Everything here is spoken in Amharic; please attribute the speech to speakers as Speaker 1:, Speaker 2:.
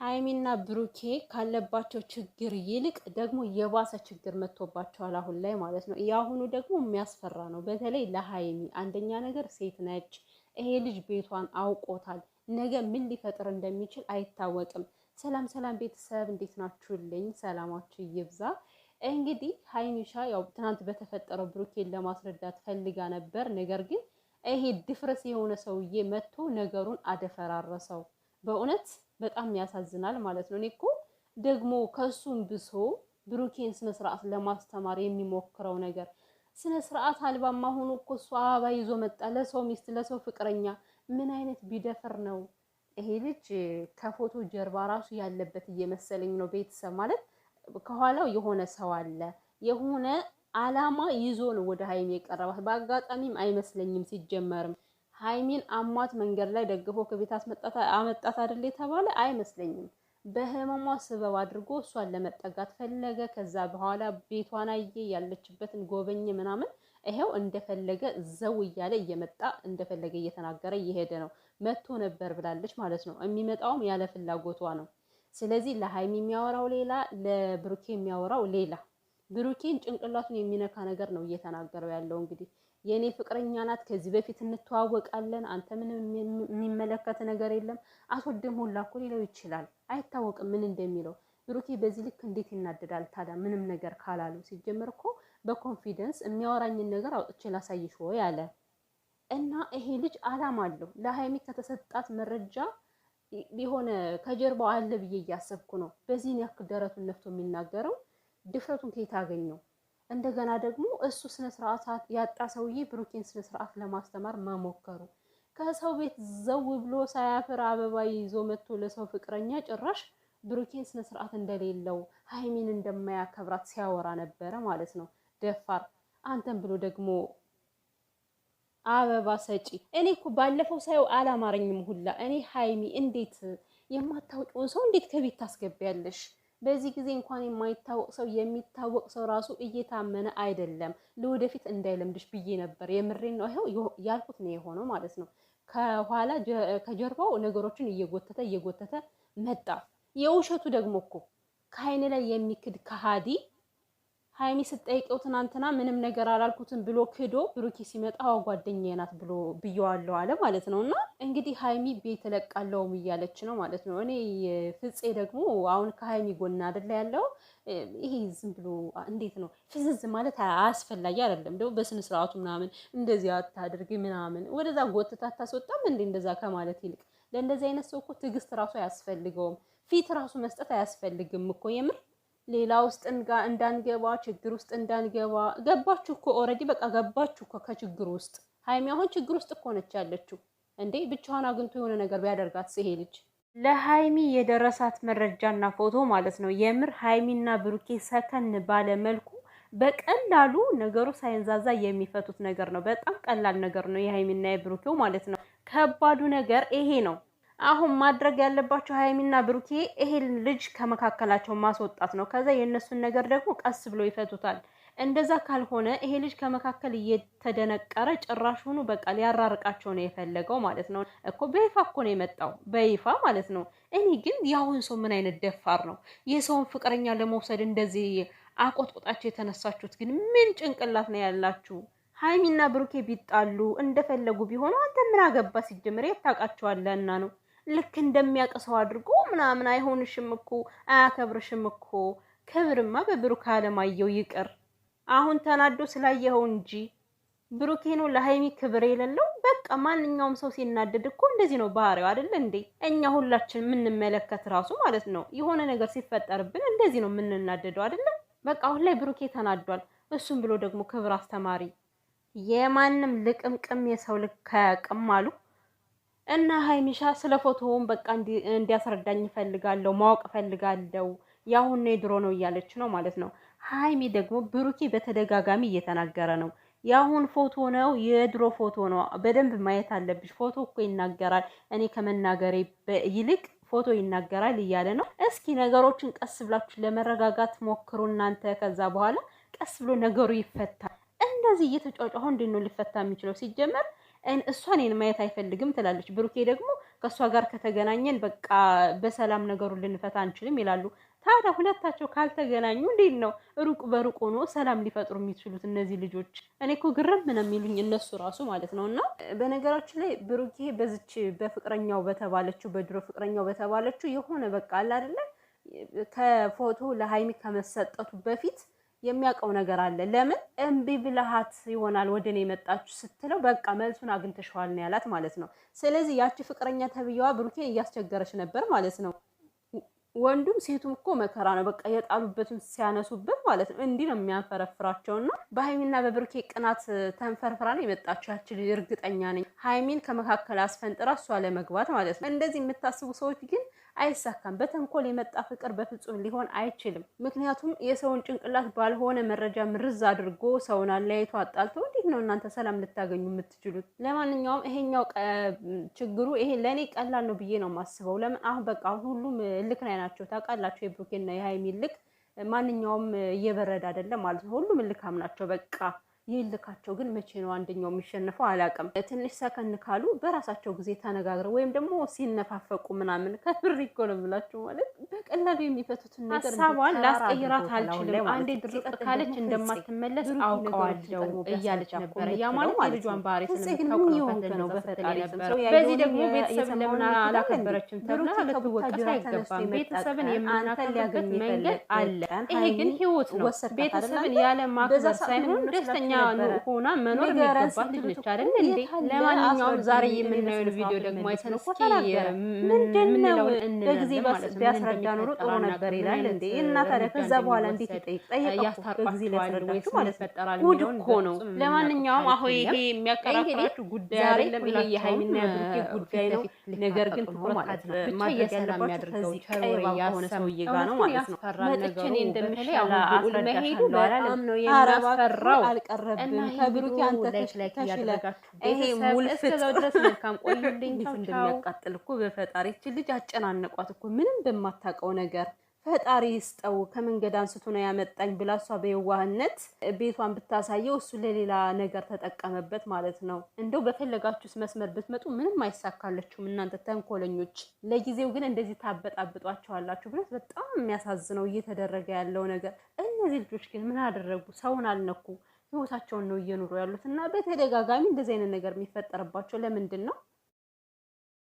Speaker 1: ሀይሚና ብሩኬ ካለባቸው ችግር ይልቅ ደግሞ የባሰ ችግር መጥቶባቸዋል አሁን ላይ ማለት ነው። የአሁኑ ደግሞ የሚያስፈራ ነው። በተለይ ለሀይሚ አንደኛ ነገር ሴት ነች። ይሄ ልጅ ቤቷን አውቆታል። ነገ ምን ሊፈጥር እንደሚችል አይታወቅም። ሰላም ሰላም ቤተሰብ እንዴት ናችሁልኝ? ሰላማችሁ ይብዛ። እንግዲህ ሀይሚሻ ያው ትናንት በተፈጠረው ብሩኬን ለማስረዳት ፈልጋ ነበር። ነገር ግን ይሄ ድፍረስ የሆነ ሰውዬ መጥቶ ነገሩን አደፈራረሰው። በእውነት በጣም ያሳዝናል ማለት ነው። እኔ እኮ ደግሞ ከሱም ብሶ ብሩኬን ስነ ስርዓት ለማስተማር የሚሞክረው ነገር ስነ ስርዓት አልባማ ሆኖ እኮ እሱ አበባ ይዞ መጣ፣ ለሰው ሚስት፣ ለሰው ፍቅረኛ። ምን አይነት ቢደፍር ነው ይሄ ልጅ? ከፎቶ ጀርባ ራሱ ያለበት እየመሰለኝ ነው። ቤተሰብ ማለት ከኋላው የሆነ ሰው አለ፣ የሆነ አላማ ይዞ ነው ወደ ሀይሚ የቀረባት። በአጋጣሚም አይመስለኝም ሲጀመርም ሀይሚን አሟት መንገድ ላይ ደግፎ ከቤት አመጣት አይደል የተባለ አይመስለኝም። በህመሟ ስበብ አድርጎ እሷን ለመጠጋት ፈለገ። ከዛ በኋላ ቤቷን አየ፣ ያለችበትን ጎበኘ ምናምን ይሄው እንደፈለገ ዘው እያለ እየመጣ እንደፈለገ እየተናገረ እየሄደ ነው። መጥቶ ነበር ብላለች ማለት ነው። የሚመጣውም ያለ ፍላጎቷ ነው። ስለዚህ ለሀይሚ የሚያወራው ሌላ፣ ለብሩኬ የሚያወራው ሌላ። ብሩኬን ጭንቅላቱን የሚነካ ነገር ነው እየተናገረው ያለው እንግዲህ የእኔ ፍቅረኛ ናት፣ ከዚህ በፊት እንተዋወቃለን፣ አንተ ምንም የሚመለከት ነገር የለም፣ አስወድም ሁላ እኮ ሊለው ይችላል። አይታወቅም ምን እንደሚለው። ብሩኬ በዚህ ልክ እንዴት ይናደዳል ታዲያ? ምንም ነገር ካላሉ ሲጀመር እኮ በኮንፊደንስ የሚያወራኝን ነገር አውጥቼ ላሳይሽ ወይ አለ እና ይሄ ልጅ አላማ አለው። ለሀይሚ ከተሰጣት መረጃ የሆነ ከጀርባው አለ ብዬ እያሰብኩ ነው። በዚህን ያክል ደረቱን ነፍቶ የሚናገረው ድፍረቱን ከየት አገኘው? እንደገና ደግሞ እሱ ስነስርዓት ያጣ ሰውዬ ብሩኬን ስነስርዓት ለማስተማር መሞከሩ ከሰው ቤት ዘው ብሎ ሳያፍር አበባ ይዞ መጥቶ ለሰው ፍቅረኛ ጭራሽ ብሩኬን ስነስርዓት እንደሌለው ሀይሚን እንደማያከብራት ሲያወራ ነበረ ማለት ነው። ደፋር አንተን ብሎ ደግሞ አበባ ሰጪ። እኔ እኮ ባለፈው ሳየው አላማረኝም ሁላ። እኔ ሀይሚ እንዴት የማታውቂውን ሰው እንዴት ከቤት ታስገቢያለሽ? በዚህ ጊዜ እንኳን የማይታወቅ ሰው የሚታወቅ ሰው ራሱ እየታመነ አይደለም። ለወደፊት እንዳይለምድሽ ብዬ ነበር። የምሬን ነው። ይኸው ያልኩት ነው የሆነው ማለት ነው። ከኋላ ከጀርባው ነገሮችን እየጎተተ እየጎተተ መጣ። የውሸቱ ደግሞ እኮ ከአይን ላይ የሚክድ ከሃዲ ሀይሚ ስጠይቀው ትናንትና ምንም ነገር አላልኩትም ብሎ ክዶ ብሩኬ ሲመጣ አዎ ጓደኛዬ ናት ብሎ ብየዋለሁ አለ ማለት ነው። እና እንግዲህ ሀይሚ ቤት እለቃለሁም እያለች ነው ማለት ነው። እኔ ፍፄ ደግሞ አሁን ከሀይሚ ጎና አደለ ያለው ይሄ ዝም ብሎ እንዴት ነው ፍዝዝ ማለት አያስፈላጊ አይደለም። ደግሞ በስነ ስርዓቱ ምናምን እንደዚህ አታድርግ ምናምን ወደዛ ጎትታ አታስወጣም እንዴ እንደዛ ከማለት ይልቅ ለእንደዚህ አይነት ሰው እኮ ትዕግስት ራሱ አያስፈልገውም። ፊት ራሱ መስጠት አያስፈልግም እኮ የምር ሌላ ውስጥ እንዳንገባ ችግር ውስጥ እንዳንገባ። ገባችሁ እኮ ኦልሬዲ በቃ ገባችሁ እኮ ከችግር ውስጥ። ሀይሚ አሁን ችግር ውስጥ እኮ ነች ያለችው። እንዴ ብቻዋን አግኝቶ የሆነ ነገር ቢያደርጋት ይሄ ልጅ ለሀይሚ የደረሳት መረጃና ፎቶ ማለት ነው። የምር ሀይሚና ብሩኬ ሰከን ባለ መልኩ በቀላሉ ነገሩ ሳይንዛዛ የሚፈቱት ነገር ነው። በጣም ቀላል ነገር ነው የሀይሚና የብሩኬው ማለት ነው። ከባዱ ነገር ይሄ ነው። አሁን ማድረግ ያለባቸው ሀይሚና ብሩኬ ይሄን ልጅ ከመካከላቸው ማስወጣት ነው። ከዛ የእነሱን ነገር ደግሞ ቀስ ብሎ ይፈቱታል። እንደዛ ካልሆነ ይሄ ልጅ ከመካከል እየተደነቀረ ጭራሹኑ በቃ ሊያራርቃቸው ነው የፈለገው ማለት ነው እኮ። በይፋ እኮ ነው የመጣው በይፋ ማለት ነው። እኔ ግን የአሁን ሰው ምን አይነት ደፋር ነው? የሰውን ፍቅረኛ ለመውሰድ እንደዚህ አቆጥቆጣቸው የተነሳችሁት ግን ምን ጭንቅላት ነው ያላችሁ? ሀይሚና ብሩኬ ቢጣሉ እንደፈለጉ ቢሆኑ አንተ ምን አገባ? ሲጀምር እና ነው ልክ ሰው አድርጎ ምናምን አይሆንሽም እኮ አያከብርሽም እኮ ክብርማ በብሩክ አለማየሁ ይቅር። አሁን ተናዶ ስላየኸው እንጂ ብሩኬ ነው ለሀይሚ ክብር የሌለው። በቃ ማንኛውም ሰው ሲናደድ እኮ እንደዚህ ነው ባህሪው አይደለ እንዴ? እኛ ሁላችን የምንመለከት ራሱ ማለት ነው የሆነ ነገር ሲፈጠርብን እንደዚህ ነው የምንናደደው አይደለ? በቃ አሁን ላይ ብሩኬ ተናዷል። እሱም ብሎ ደግሞ ክብር አስተማሪ የማንም ልቅምቅም የሰው ልክ አያውቅም አሉ። እና ሀይሚሻ ስለ ፎቶውን በቃ እንዲያስረዳኝ እፈልጋለሁ፣ ማወቅ እፈልጋለሁ። ያሁን ነው የድሮ ነው እያለች ነው ማለት ነው። ሀይሚ ደግሞ ብሩኬ በተደጋጋሚ እየተናገረ ነው የአሁን ፎቶ ነው የድሮ ፎቶ ነው፣ በደንብ ማየት አለብሽ። ፎቶ እኮ ይናገራል፣ እኔ ከመናገሬ ይልቅ ፎቶ ይናገራል እያለ ነው። እስኪ ነገሮችን ቀስ ብላችሁ ለመረጋጋት ሞክሩ እናንተ። ከዛ በኋላ ቀስ ብሎ ነገሩ ይፈታል። እንደዚህ እየተጫጫሁ እንዴት ነው ሊፈታ የሚችለው ሲጀመር እሷ እኔን ማየት አይፈልግም ትላለች። ብሩኬ ደግሞ ከእሷ ጋር ከተገናኘን በቃ በሰላም ነገሩን ልንፈታ አንችልም ይላሉ። ታዲያ ሁለታቸው ካልተገናኙ እንዴት ነው ሩቅ በሩቅ ሆኖ ሰላም ሊፈጥሩ የሚችሉት እነዚህ ልጆች? እኔ እኮ ግርም ምን የሚሉኝ እነሱ ራሱ ማለት ነው። እና በነገራችን ላይ ብሩኬ በዝች በፍቅረኛው በተባለችው በድሮ ፍቅረኛው በተባለችው የሆነ በቃ አለ አይደለ ከፎቶ ለሀይሚ ከመሰጠቱ በፊት የሚያውቀው ነገር አለ። ለምን እምቢ ብልሃት ይሆናል ወደ እኔ የመጣችሁ ስትለው በቃ መልሱን አግኝተሸዋል ነው ያላት ማለት ነው። ስለዚህ ያቺ ፍቅረኛ ተብዬዋ ብሩኬን እያስቸገረች ነበር ማለት ነው። ወንዱም ሴቱም እኮ መከራ ነው። በቃ የጣሉበትን ሲያነሱበት ማለት ነው እንዲህ ነው የሚያንፈረፍራቸውና በሀይሚና በብሩኬ ቅናት ተንፈርፍራ ነው የመጣቸው ያች ልጅ። እርግጠኛ ነኝ ሀይሚን ከመካከል አስፈንጥራ እሷ ለመግባት ማለት ነው። እንደዚህ የምታስቡ ሰዎች ግን አይሳካም። በተንኮል የመጣ ፍቅር በፍጹም ሊሆን አይችልም። ምክንያቱም የሰውን ጭንቅላት ባልሆነ መረጃ ምርዝ አድርጎ ሰውን አለያይቶ አጣልቶ እንዴት ነው እናንተ ሰላም ልታገኙ የምትችሉት? ለማንኛውም ይሄኛው ችግሩ ይሄ ለእኔ ቀላል ነው ብዬ ነው የማስበው። ለምን አሁን በቃ አሁን ሁሉም እልክ ላይ ናቸው። ታውቃላቸው የብሩኬና የሀይሚ እልክ ማንኛውም እየበረደ አይደለም ማለት ነው። ሁሉም እልካም ናቸው በቃ ይልካቸው ግን መቼ ነው አንደኛው የሚሸነፈው? አላውቅም። ትንሽ ሰከን ካሉ በራሳቸው ጊዜ ተነጋግረው ወይም ደግሞ ሲነፋፈቁ ምናምን ከብር እኮ ነው የምላችሁ ማለት በቀላሉ የሚፈቱትን ነገር ሀሳቧን ላስቀይራት አልችልም። አንዴ ድርቅ ካለች እንደማትመለስ አውቀዋለሁ እያለች ነበረ። ያ ማለት የልጇን ባህሪ ስለምታውቅ ነው። በፈጣሪ በዚህ ደግሞ ቤተሰብ ለምን አላከበረችም ተብላ ልትወቀስ አይገባም። ቤተሰብን የምናከብርበት መንገድ አለ። ይሄ ግን ህይወት ነው። ቤተሰብን ያለ ማክበር ሳይሆን ደስተኛ ሆና መኖር የሚገባት ልጅ አይደል እንዴ? ለማንኛውም ዛሬ የምናየውን ቪዲዮ ደግሞ አይተን እስኪ ምንድነው በጊዜ ቢያስረዳ ኖሮ ጥሩ ነበር ይላል እንዴ? እና ታዲያ ከዛ በኋላ እንዴት ይጠይቅ ጠይቀበጊዜ ሊያስረዳችሁ ማለት ነው። ጉድ እኮ ነው። ለማንኛውም አሁን ይሄ የሚያከራክራችሁ ጉዳይ አይደለም። ይሄ የሀይሚና ብሩኬ ጉዳይ ነው። ነገር ግን ትኩረት ማድረግ ያለባችሁ ከዚህ ቀይ ባሆነ ሰውዬ ጋር ነው ማለት ነው። ቀረብን። ከብሩኬ አንተ እንደሚያቃጥል እኮ በፈጣሪ ይህች ልጅ አጨናነቋት እኮ ምንም በማታውቀው ነገር ፈጣሪ ይስጠው ከመንገድ አንስቶ ነው ያመጣኝ ብላ እሷ በየዋህነት ቤቷን ብታሳየው እሱ ለሌላ ነገር ተጠቀመበት ማለት ነው። እንደው በፈለጋችሁስ መስመር ብትመጡ ምንም አይሳካለችሁም እናንተ ተንኮለኞች። ለጊዜው ግን እንደዚህ ታበጣብጧቸዋላችሁ ብለት በጣም የሚያሳዝነው እየተደረገ ያለው ነገር። እነዚህ ልጆች ግን ምን አደረጉ? ሰውን አልነኩ። ህይወታቸውን ነው እየኖሩ ያሉት እና በተደጋጋሚ እንደዚህ አይነት ነገር የሚፈጠርባቸው ለምንድን ነው?